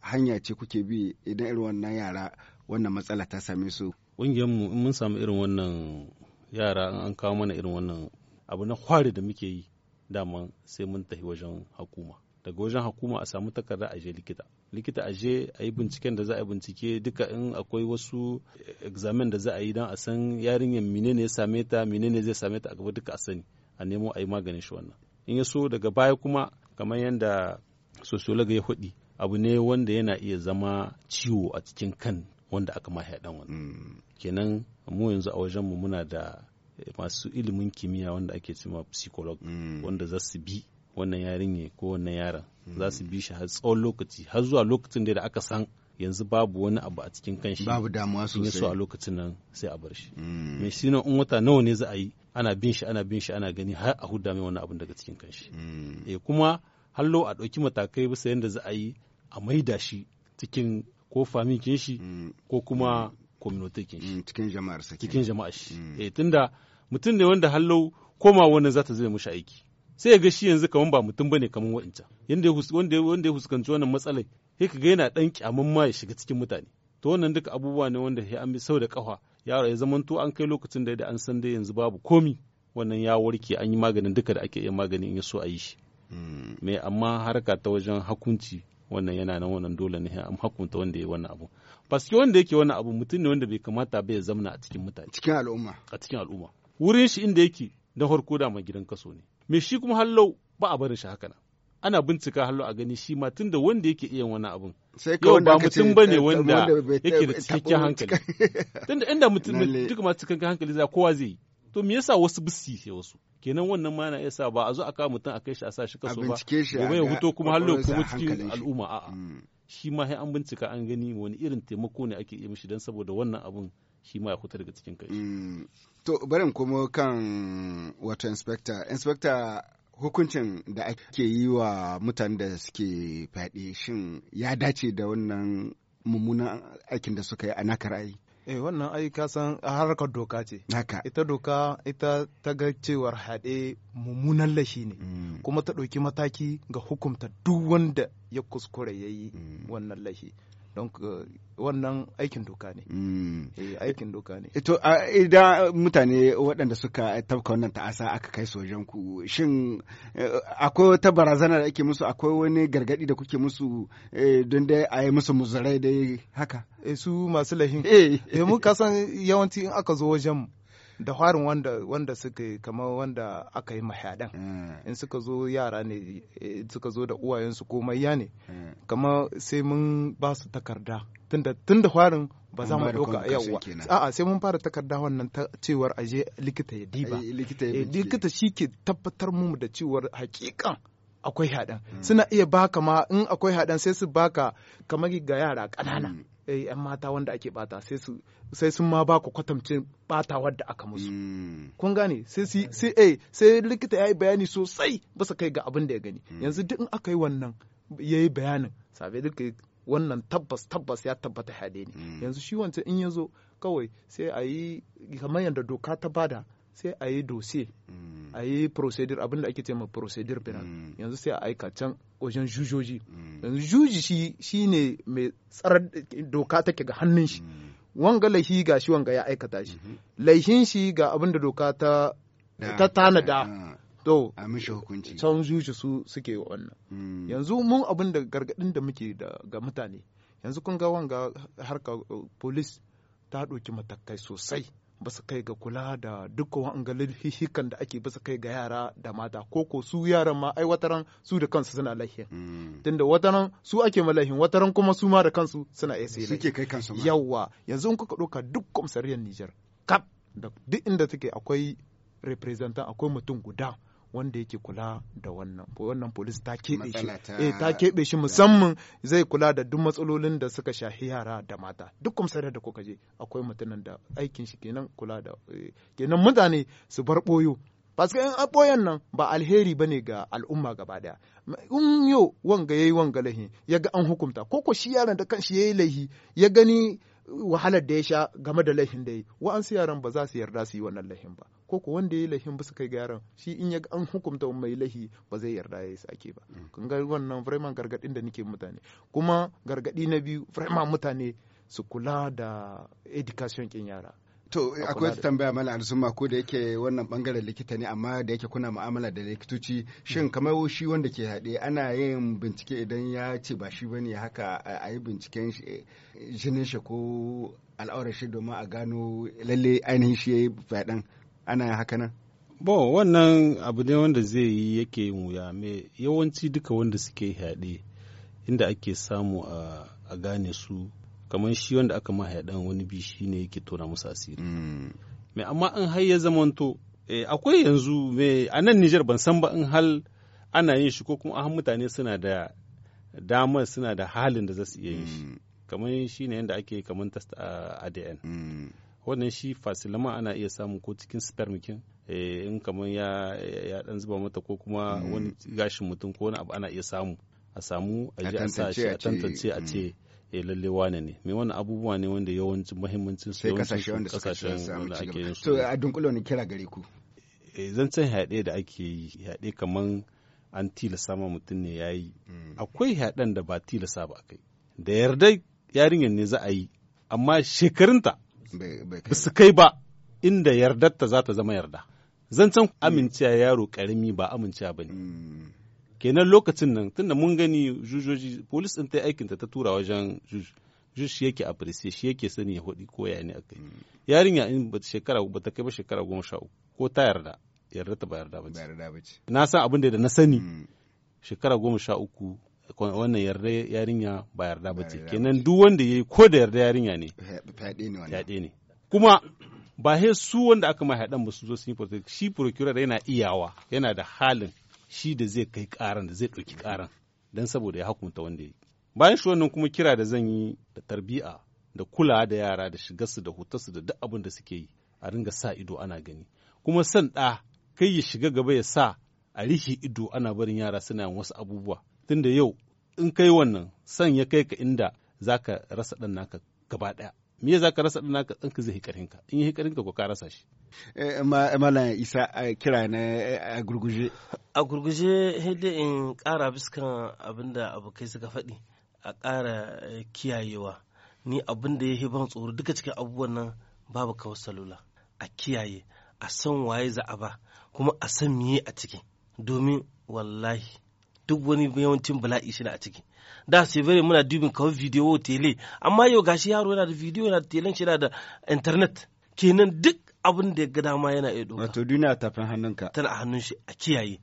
hanya ce kuke bi idan irin wannan yara wannan matsala ta same su ƙungiyarmu in mun samu irin wannan yara an kawo mana irin wannan abu na kwari da muke yi dama sai mun tafi wajen hukuma daga wajen hukuma a samu takarda a je likita likita a je a yi binciken da za a bincike duka in akwai wasu examen da za a yi don a san yarinyar ne ya same ta mine ne zai same ta a gaba duka a sani a nemo a yi maganin shi wannan in ya so daga baya kuma kamar yadda sociologa ya faɗi abu ne wanda yana iya zama ciwo a cikin kan wanda aka mahe dan wani mm. kenan mu yanzu a wajenmu muna da eh, masu ilimin kimiyya wanda ake cewa psycholog mm. wanda za su bi wannan yarinya ko wannan yaron mm. za su bi shi har tsawon lokaci har zuwa lokacin da aka san yanzu babu wani abu a cikin kanshi babu damuwa sosai a lokacin nan sai a bar shi me shi ne in wata nawa ne za a yi ana bin shi ana bin shi ana gani har a huda mai wani abu daga cikin kanshi eh kuma hallo a ɗauki matakai bisa yadda za a yi a maida shi cikin ko famikin shi mm. ko kuma kominotekin mm. shi mm, cikin jama'ar sa cikin jama'ar shi eh tunda mutum ne wanda hallo koma wannan zata zai mushi aiki sai ya ga shi yanzu kaman ba mutum bane kaman wa'ancan yanda wanda ya fuskanci wannan matsalai sai ka ga yana dan kyamun ma ya shiga cikin mutane to wannan duka abubuwa ne wanda ya an sau da kafa yaro ya zamanta an kai lokacin da an san dai yanzu babu komi wannan ya warke an yi maganin duka da ake iya maganin in ya so a yi shi me amma harka ta wajen hakunci wannan yana nan wannan dole ne an hukunta wanda ya wannan abu paske wanda yake wannan abu mutum ne wanda bai kamata bai ya zamana a cikin mutane cikin al'umma a cikin al'umma wurin shi inda yake na farko da mai gidan kaso ne me shi kuma hallau ba a barin shi haka nan ana bincika hallo a gani shi ma tunda wanda yake iya wannan abun yau ba mutum bane wanda yake da cikakken hankali tunda inda mutum duk ma cikakken hankali za kowa zai yi to me yasa wasu bisi ya wasu kenan wannan ma na iya sa ba a zo a kawo mutum a kai shi a sa shi kaso ba gobe ya huto kuma hallo kuma cikin al'umma a'a hmm. shi ma sai an bincika an gani wani irin taimako ne ake yi mishi dan saboda wannan abun shi ma ya huta daga cikin kai hmm. to barin kuma kan wato inspector inspector hukuncin da ake yi wa mutanen da suke fyaɗe shin ya dace da wannan mummunan aikin da suka yi a naka ra'ayi eh wannan ai ka san harkar doka ce haka ita doka ita ta ga cewar haɗe mummunan lashi ne mm. kuma ta ɗauki mataki ga hukumta duk wanda ya kuskure yayi mm. wannan lashi don wannan aikin doka ne mm. eh, aikin doka ne eh, to idan mutane waɗanda suka tabka wannan ta'asa aka kai sojan ku shin eh, akwai wata barazana da ake musu akwai wani gargadi da kuke musu don dai a yi musu muzarai dai haka su masu lahin eh mun kasan yawanci in aka zo wajen da harin wanda wanda suka kama wanda aka yi mahaɗan mm. in suka zo yara ne eh, suka zo da uwayensu ko maiya ne mm. kama sai mun ba su takarda tun da harin ba za mu ɗauka yawa a'a sai mun fara takarda wannan ta cewar aje likita ya diba eh, likita shi ke tabbatar mu da cewar hakikan akwai haɗan mm. suna iya baka ma in akwai haɗan sai su baka kamar ga yara ƙanana Eh, 'yan mata wanda ake bata sai sun ma ba ku kwatamcin bata wadda aka musu. Mm. Kun gane eh, sai likita ya yi bayani sosai basa kai ga abin da ya gani. Mm. Yanzu duk in aka yi wannan ya yi bayanin sabe duka wannan tabbas tabbas ya tabbata hade ne. Mm. Yanzu shi wancan in ya zo kawai sai a yi kamar yadda doka ta bada sai a yi dose mm. a yi procedure abinda ake ce ma procedure penal mm. yanzu sai a aika can wajen jujoji mm. yanzu juji shi ne mai tsarar doka take ga hannun shi wanga laihi ga shi wanga ya aikata shi mm-hmm. laihin shi ga abinda doka ta ta tanada to a mishi hukunci can juji su suke wannan yanzu mun abin da gargadin da muke ga mutane yanzu kun ga wanga harka uh, police ta ɗauki matakai sosai basu kai ga kula da dukkan wa'anga laifikan da ake basu kai ga yara da mata ko ko su yaran ma ai wataran su da kansu suna laifin mm. tunda wataran su ake malahin wataran kuma su ma da kansu suna iya sai suke kai kansu ma yawa yanzu in kuka ɗauka duk komisariyar Nijar kap da duk inda take akwai representant akwai mutum guda wanda yake kula da wannan wannan polis ta keɓe shi eh ta keɓe shi musamman zai kula da duk matsalolin da suka shafi yara da mata duk kumsarar da kuka je akwai mutumin da aikin shi kenan kula da eh, kenan mutane su bar boyo Basu in aboyan nan ba alheri bane ga al'umma gaba daya. In yau wanga yayi wanga lahi ya ga an hukunta ko ko shi yaron da kanshi yayi lahi ya gani wahalar da ya sha game da lahin da yi wa'ansu yaran ba za su yarda su yi wannan lahin ba ko ko wanda ya yi ba su kai yaran shi in ya an hukunta mai lahi ba zai yarda ya sake ba mm. kun ga wannan vraiment gargadin da nake mutane kuma gargadi na biyu vraiment mutane su kula da education kin yara To akwai wata tambaya mala ma ko da yake wannan bangaren likita ne amma da yake kuna mu'amala da likitoci shin mm. kamar shi wanda ke haɗe ana yin bincike idan ya ce ba shi bane haka a yi binciken eh, jinin shi ko al'aurar shi domin a gano lalle ainihin shi ya yi fadan ana yin haka nan bon wannan abu ne wanda zai yi yake yin wuya me yawanci duka wanda suke haɗe inda ake samu a gane su kamar shi wanda aka mahaɗan wani bi shi ne yake tona musu asiri mai mm. amma in har ya zamanto eh, akwai yanzu mai a nan Nijar ban san ba in hal ana yin shi ko kuma an mutane suna da damar suna da halin da za su iya yin shi mm. kamar shi ne yadda ake kamar test ADN mm. wannan shi fasilama ana iya samu ko cikin spermikin eh, in kamar ya ya dan zuba mata ko kuma mm. wani gashin mutum ko wani abu ana iya samu a samu a ji a sa shi a tantance a mm. ce eh lalle wane ne mai wani abubuwa ne wanda yawancin mahimmancin su yawancin kasashen wanda ake yin su a dunkule kira gare ku can eh, haɗe da ake yi haɗe kaman an tilasa ma mutum ne ya yi mm. akwai haɗen da ba tilasa ba kai da yarda yarinyar ne za a yi amma shekarunta ba su kai ba inda yardarta za ta zama yarda zancen amincewa yaro karami ba amincewa ba ne mm. kenan lokacin nan tunda mun gani jujoji polis ɗin ta yi aikinta ta tura wajen juj shi yake apresiye shi yake sani ya hudi ko ya ne a kai mm. yarinya in ba shekara ta kai ba shekara goma sha uku ko ta yarda yarda ta ba yarda ba ce na san abin da na sani mm. shekara goma sha uku wannan yarda yarinya ba yarda ba ce kenan duk wanda ya yi ko da yarda yarinya ne fyaɗe ne kuma ba he su wanda aka mai haɗan ba su zo sun yi shi procurer yana iyawa yana da halin shi da zai kai ƙaran da zai ɗauki ƙaran don saboda ya hakunta wanda ya yi bayan shi wannan kuma kira da zan yi da tarbiya da kula da yara da shigarsu da hutarsu da duk abin da suke yi a ringa sa ido ana gani kuma san ɗa kai ya shiga gaba ya sa a rike ido ana barin yara suna yin wasu abubuwa tunda yau in kai wannan san ya kai ka inda za ka rasa ɗan naka gaba ɗaya me za ka rasa ɗan naka ka zai ka in yi ka ko ka rasa shi. Eh, eh, Malam Isa kira na eh, a gurguje. A gurguje hidda in ƙara biskan abin da abokai suka faɗi a ƙara kiyayewa ni abin da ya ban tsoro duka cikin abubuwan nan babu kawo salula a kiyaye a san waye za a ba kuma a san miye a ciki domin wallahi duk wani yawancin bala'i shi na a ciki da su severe muna dubin kawai video tele amma yau gashi yaro yana da video yana da telen shi yana da internet kenan duk abin da ga dama yana iya doka wato duniya ta tafin hannunka tana a hannun shi a kiyaye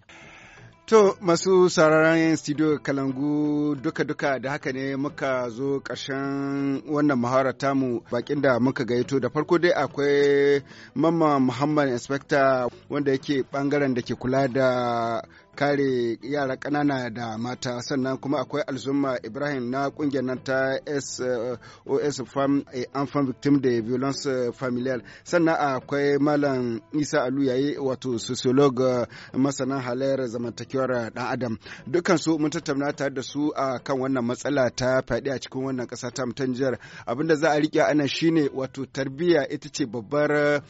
To masu sauraron studio Kalangu duka-duka da haka ne muka zo ƙarshen wannan muhawara tamu bakin da muka gaito da farko dai akwai mamma Muhammad Inspector wanda yake bangaren da ke kula da kare yara ƙanana da mata sannan kuma akwai alzumma ibrahim na kungiyar nan ta sos uh, fam enfant eh, victim de violence uh, familial sannan akwai malam isa alu yayi wato sociologue uh, masana halayyar zamantakewar dan adam dukkan su mun tattauna tare da su a kan wannan matsala ta fyaɗe a cikin wannan ƙasa ta mutan jihar abinda za a riƙe ana shine wato tarbiyya ita ce babbar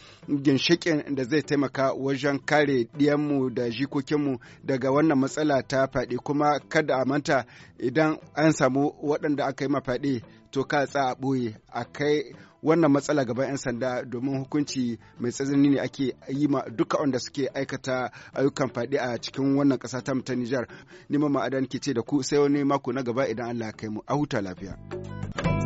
ginshikin da zai taimaka wajen kare mu da jikokinmu da daga wannan matsala ta fyaɗe kuma kada a manta idan an samu waɗanda aka yi ma to ka tsa a ɓoye a kai wannan matsala gaban 'yan sanda domin hukunci mai tsanani ne ake yi ma duka wanda suke aikata ayyukan faɗi a cikin wannan ƙasa ta ta Nijar. Nima ma'adan ke ce da ku sai wani mako na gaba idan Allah ya kai mu a huta lafiya.